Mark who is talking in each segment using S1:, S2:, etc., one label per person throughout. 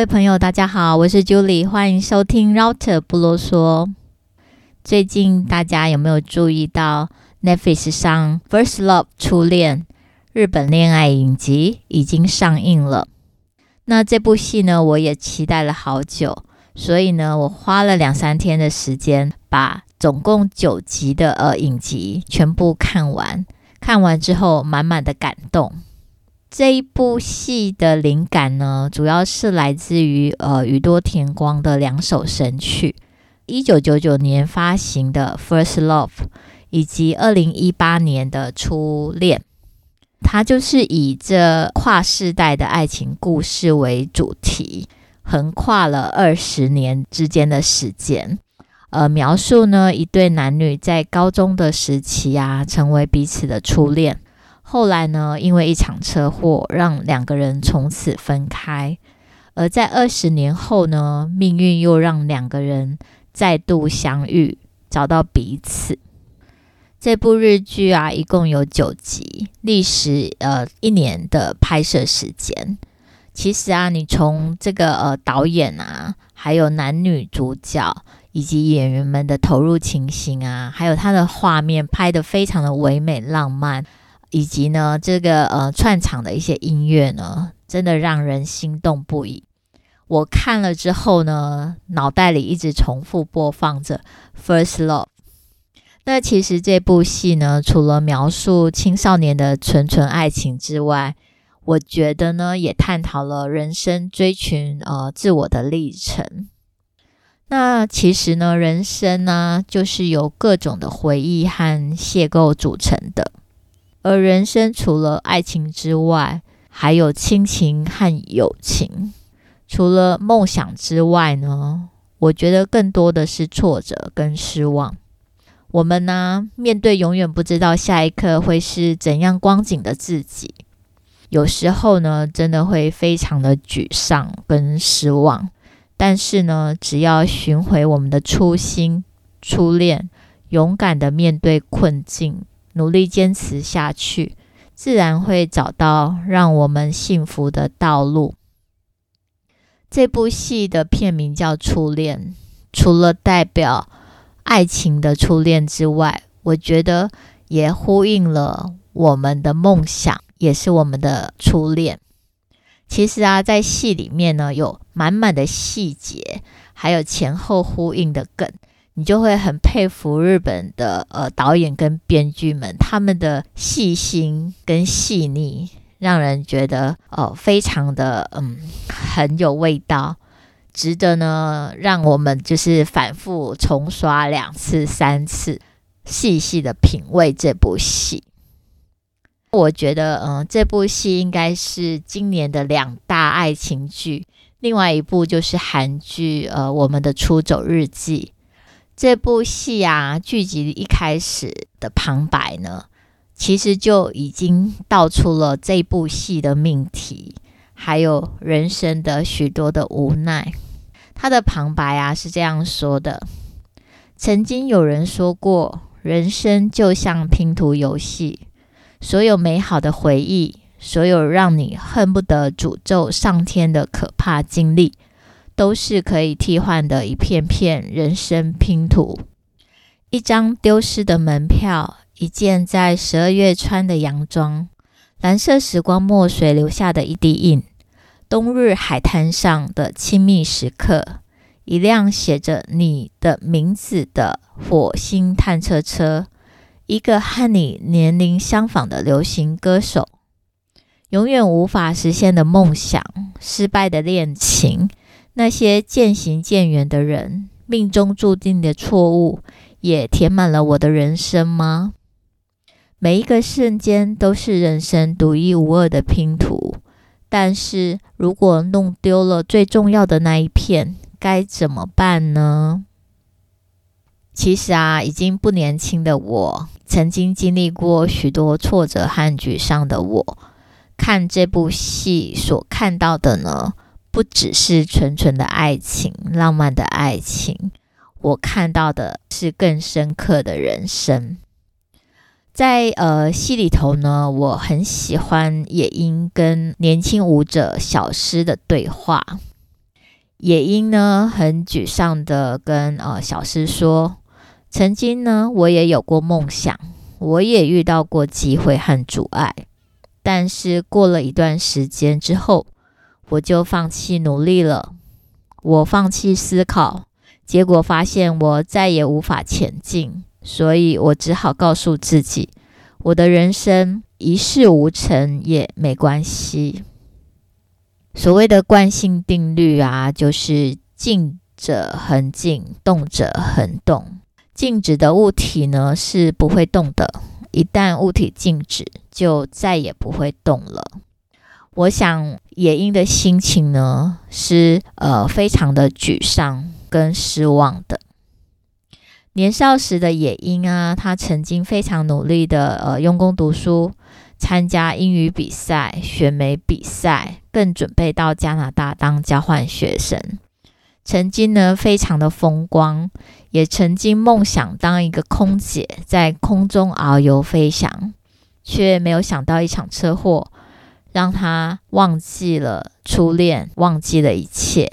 S1: 各位朋友，大家好，我是 Julie，歡迎收聽 Router 不囉嗦。最近大家有沒有注意到 Netflix 上《First Love》初戀日本戀愛影集已經上映了？那這部戲呢，我也期待了好久，所以呢，我花了兩三天的時間把總共九集的呃影集全部看完。看完之後，滿滿的感動。這一部戲的靈感呢，主要是來自於呃宇多田光的兩首神曲，一九九九年發行的《First Love》，以及二零一八年的《初戀》。它就是以這跨世代的愛情故事為主題，橫跨了二十年之間的時間，呃，描述呢一對男女在高中的時期啊，成為彼此的初戀。後來呢，因為一場車禍，讓兩個人從此分開。而在二十年後呢，命運又讓兩個人再度相遇，找到彼此。這部日劇啊，一共有九集，歷時呃一年的拍攝時間。其實啊，你從這個呃導演啊，還有男女主角，以及演員們的投入情形啊，還有他的畫面拍得非常的唯美浪漫。以及呢，這個呃串場的一些音樂呢，真的讓人心動不已。我看了之後呢，腦袋裡一直重複播放着《First Love》。那其實這部戲呢，除了描述青少年的純純愛情之外，我覺得呢，也探討了人生追尋呃自我的歷程。那其實呢，人生呢，就是由各種的回憶和邂逅組成的。而人生除了愛情之外，還有親情和友情；除了夢想之外呢，我覺得更多的是挫折跟失望。我們呢，面對永遠不知道下一刻會是怎樣光景的自己，有時候呢，真的會非常的沮喪跟失望。但是呢，只要尋回我們的初心、初戀，勇敢地面對困境。努力堅持下去，自然會找到讓我們幸福的道路。這部戲的片名叫《初戀》，除了代表愛情的初戀之外，我覺得也呼應了我們的夢想，也是我們的初戀。其實啊，在戲裡面呢，有滿滿的細節，還有前後呼應的梗。你就會很佩服日本的呃導演跟編劇們，他們的細心跟細膩，讓人覺得呃非常的嗯很有味道，值得呢讓我們就是反覆重刷兩次三次，細細的品味這部戲。我覺得嗯、呃、這部戲應該是今年的兩大愛情劇，另外一部就是韓劇呃我們的出走日記。這部戲啊，劇集一開始的旁白呢，其實就已經道出了這部戲的命題，還有人生的許多的無奈。他的旁白啊是這樣說的：曾經有人說過，人生就像拼圖遊戲，所有美好的回憶，所有讓你恨不得詛咒上天的可怕經歷。都是可以替換的一片片人生拼圖，一張丟失的門票，一件在十二月穿的洋裝，藍色時光墨水留下的一滴印，冬日海灘上的親密時刻，一輛寫着你的名字的火星探測車，一個和你年齡相仿的流行歌手，永遠無法實現的夢想，失敗的戀情。那些漸行漸遠的人，命中注定的錯誤，也填滿了我的人生嗎？每一個瞬間都是人生獨一無二的拼圖，但是如果弄丟了最重要的那一片，該怎麼辦呢？其實啊，已經不年輕的我，曾經經歷過許多挫折和沮喪的我，看這部戲所看到的呢，不只是純純的愛情、浪漫的愛情，我看到的是更深刻的人生。在呃戲裡頭呢，我很喜歡野英跟年輕舞者小詩的對話。野英呢，很沮喪的跟呃小詩說：“曾經呢，我也有過夢想，我也遇到過機會和阻礙，但是過了一段時間之後。”我就放棄努力了，我放棄思考，結果發現我再也無法前進，所以我只好告訴自己，我的人生一事無成也沒關係。所謂的慣性定律啊，就是靜者恆靜，動者恆動。靜止的物體呢是不會動的，一旦物體靜止，就再也不會動了。我想。野英的心情呢，是呃非常的沮喪跟失望的。年少時的野英啊，她曾經非常努力的呃用功讀書，參加英語比賽、選美比賽，更準備到加拿大當交換學生。曾經呢，非常的風光，也曾經夢想當一個空姐，在空中遨遊飛翔，卻沒有想到一場車禍。讓她忘記了初戀，忘記了一切。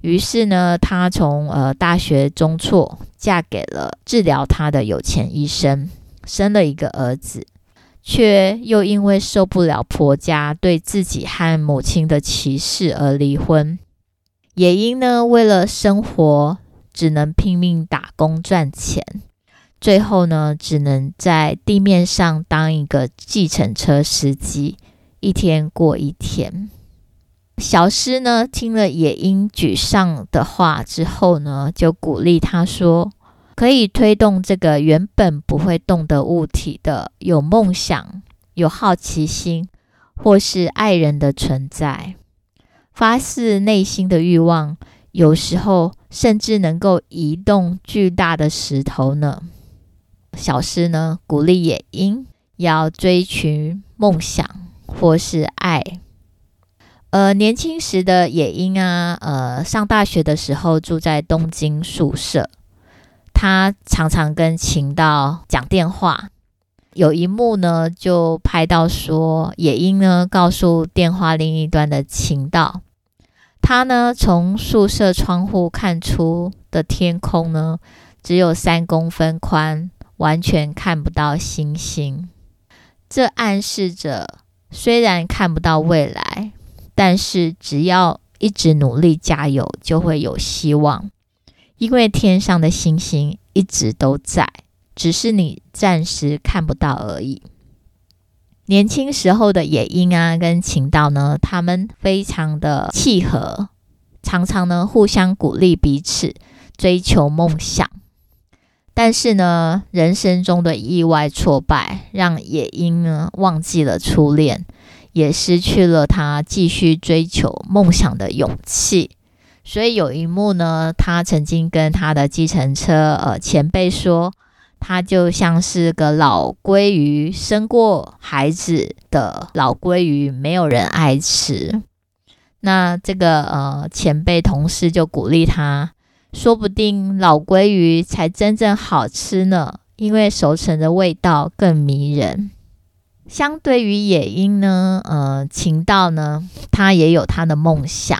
S1: 於是呢，她從呃大學中輟，嫁給了治療她的有錢醫生，生了一個兒子，卻又因為受不了婆家對自己和母親的歧視而離婚。也英呢，為了生活只能拼命打工賺錢，最後呢，只能在地面上當一個計程車司機。一天過一天，小詩呢，聽了野鷹沮喪的話之後呢，就鼓勵他說：“可以推動這個原本不會動的物體的，有夢想、有好奇心，或是愛人的存在，發自內心的欲望，有時候甚至能夠移動巨大的石頭呢。小詩呢”小詩呢鼓勵野鷹要追尋夢想。或是愛，呃，年輕時的也英啊，呃，上大學的時候住在東京宿舍，他常常跟晴道講電話。有一幕呢，就拍到說，也英呢告訴電話另一端的晴道，他呢從宿舍窗戶看出的天空呢，只有三公分寬，完全看不到星星。這暗示着。雖然看不到未來，但是只要一直努力加油，就會有希望。因為天上的星星一直都在，只是你暫時看不到而已。年輕時候的也英啊，跟晴道呢，他們非常的契合，常常呢互相鼓勵彼此，追求夢想。但是呢，人生中的意外挫敗讓也英呢忘記了初戀，也失去了他繼續追求夢想的勇氣。所以有一幕呢，他曾經跟他的計程車呃前輩說，他就像是個老鮭魚，生過孩子的老鮭魚，沒有人愛吃。那這個呃前輩同事就鼓勵他。說不定老鮭魚才真正好吃呢，因為熟成的味道更迷人。相對於也英呢，呃，晴道呢，他也有他的夢想。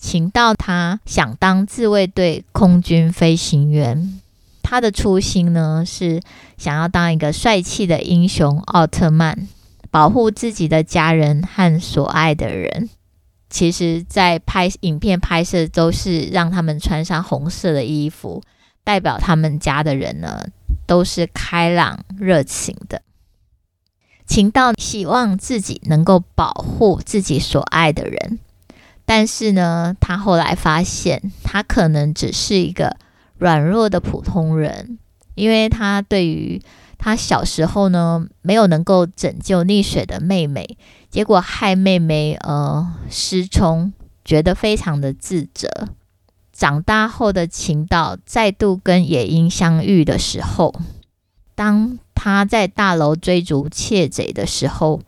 S1: 晴道他想當自衛隊空軍飛行員，他的初心呢是想要當一個帥氣的英雄奧特曼，保護自己的家人和所愛的人。其實，在拍影片、拍攝都是讓他們穿上紅色的衣服，代表他們家的人呢都是開朗熱情的，晴道希望自己能夠保護自己所愛的人。但是呢，他後來發現他可能只是一個軟弱的普通人，因為他對於。他小時候呢，沒有能夠拯救溺水的妹妹，結果害妹妹呃失聰，覺得非常的自責。長大後的晴道再度跟也英相遇的時候，當他在大樓追逐竊賊的時候，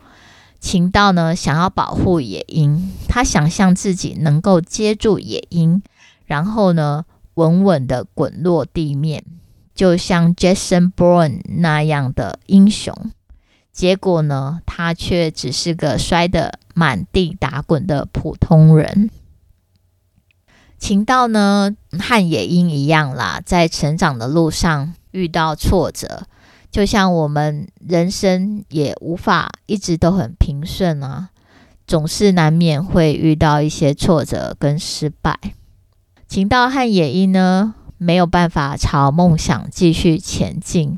S1: 晴道呢想要保護也英，他想象自己能夠接住也英，然後呢穩穩的滾落地面。就像 Jason Bourne 那樣的英雄，結果呢，他卻只是個摔得滿地打滾的普通人。晴道呢，和也英一樣啦，在成長的路上遇到挫折，就像我們人生也無法一直都很平順啊，總是難免會遇到一些挫折跟失敗。晴道和也英呢，沒有辦法朝夢想繼續前進，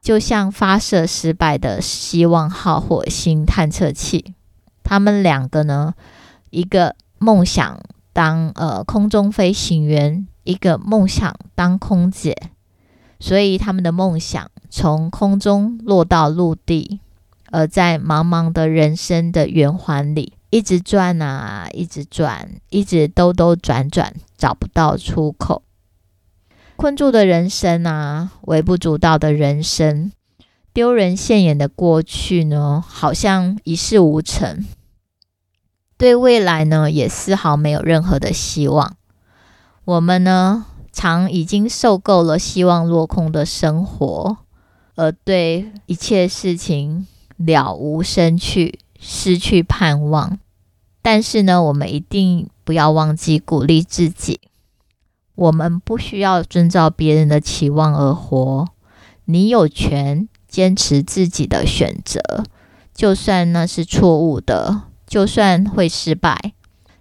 S1: 就像發射失敗的“希望號”火星探測器。他們兩個呢，一個夢想當呃空中飛行員，一個夢想當空姐，所以他們的夢想從空中落到陸地，而在茫茫的人生的圓環裡，一直轉啊，一直轉，一直兜兜轉轉，找不到出口。困住的人生啊，微不足道的人生，丟人現眼的過去呢，好像一事無成。對未來呢，也絲毫沒有任何的希望。我們呢，常已經受夠了希望落空的生活，而對一切事情了無生趣，失去盼望。但是呢，我們一定不要忘記鼓勵自己。我們不需要遵照別人的期望而活。你有權堅持自己的選擇，就算那是錯誤的，就算會失敗，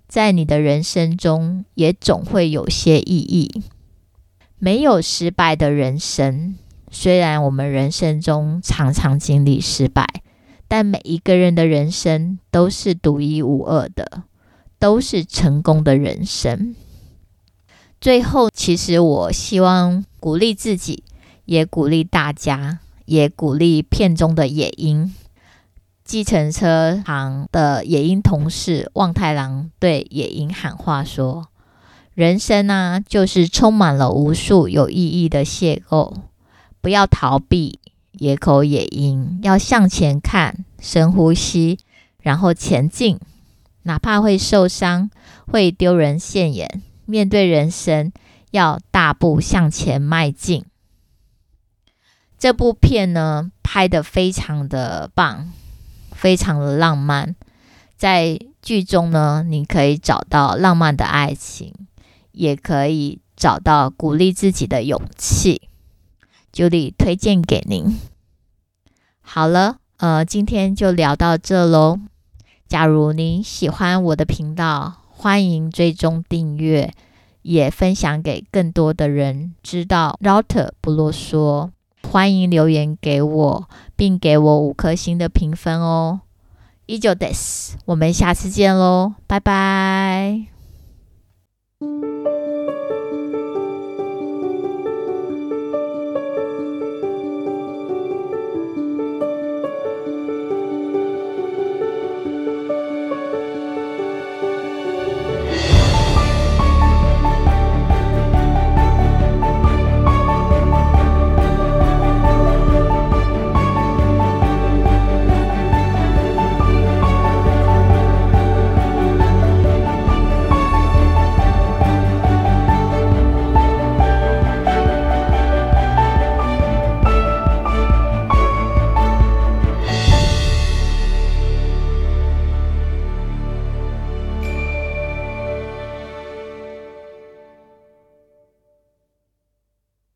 S1: 在你的人生中也總會有些意義。沒有失敗的人生。雖然我們人生中常常經歷失敗，但每一個人的人生都是獨一無二的，都是成功的人生。最後，其實我希望鼓勵自己，也鼓勵大家，也鼓勵片中的也英。計程車行的也英同事望太郎對也英喊話說：“人生啊，就是充滿了無數有意義的邂逅，不要逃避。野口也英要向前看，深呼吸，然後前進，哪怕會受傷，會丟人現眼。”面對人生，要大步向前邁進。這部片呢，拍得非常的棒，非常的浪漫。在劇中呢，你可以找到浪漫的愛情，也可以找到鼓勵自己的勇氣。九莉推薦給您。好了，呃，今天就聊到這嘍。假如您喜歡我的頻道。歡迎追蹤訂閱，也分享給更多的人知道。Router 不囉嗦，歡迎留言給我，並給我五顆星的評分哦。以上，です我們下次見嘍，拜拜。